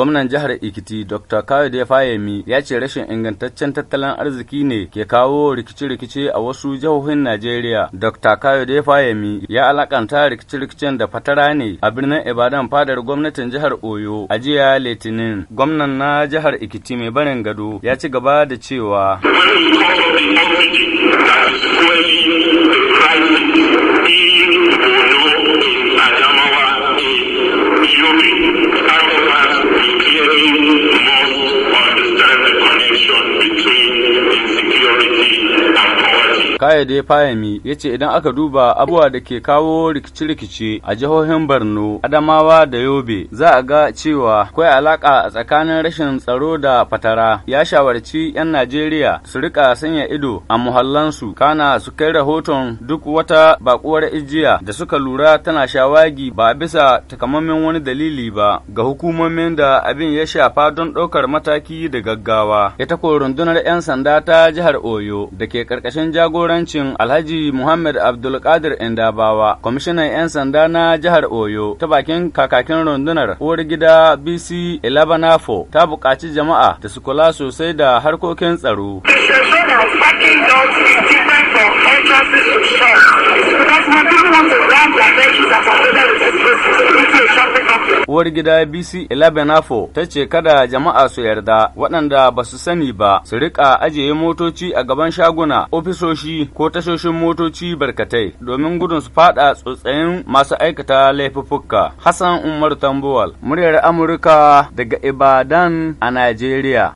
Gwamnan jihar Ikiti Dr. Kawai Fayemi ya ce rashin ingantaccen tattalin arziki ne ke kawo rikice-rikice a wasu jihohin Najeriya. Dr. Kawai Fayemi ya alakanta rikice-rikicen da fatara ne a birnin Ibadan fadar gwamnatin jihar Oyo a jiya Litinin. Gwamnan na jihar Ikiti mai barin gado ya ci gaba da cewa. Kayade Fayami ya ce idan aka duba abubuwa da ke kawo rikice-rikice a jihohin Borno, Adamawa da Yobe za a ga cewa akwai alaka a tsakanin rashin tsaro da fatara. Ya shawarci 'yan Najeriya su rika sanya ido a muhallansu kana su kai rahoton duk wata bakuwar ijiya da suka lura tana shawagi ba bisa takamaiman wani dalili ba ga hukumomin da abin ya shafa don ɗaukar mataki da gaggawa. Ita ko rundunar 'yan sanda ta jihar Oyo da ke ƙarƙashin jagorar jagorancin Alhaji Muhammad Abdulkadir Indabawa, kwamishinan 'yan sanda na jihar Oyo, ta bakin kakakin rundunar uwar gida BC Elabanafo ta buƙaci jama'a da su kula sosai da harkokin tsaro. uwar gida BC 11 ta ce kada jama'a su yarda waɗanda ba su sani ba su rika ajiye motoci a gaban shaguna, ofisoshi ko tashoshin motoci barkatai domin gudun su fada tsotsayin masu aikata laifuffuka. Hassan Umar Tambuwal, muryar Amurka daga Ibadan a Najeriya.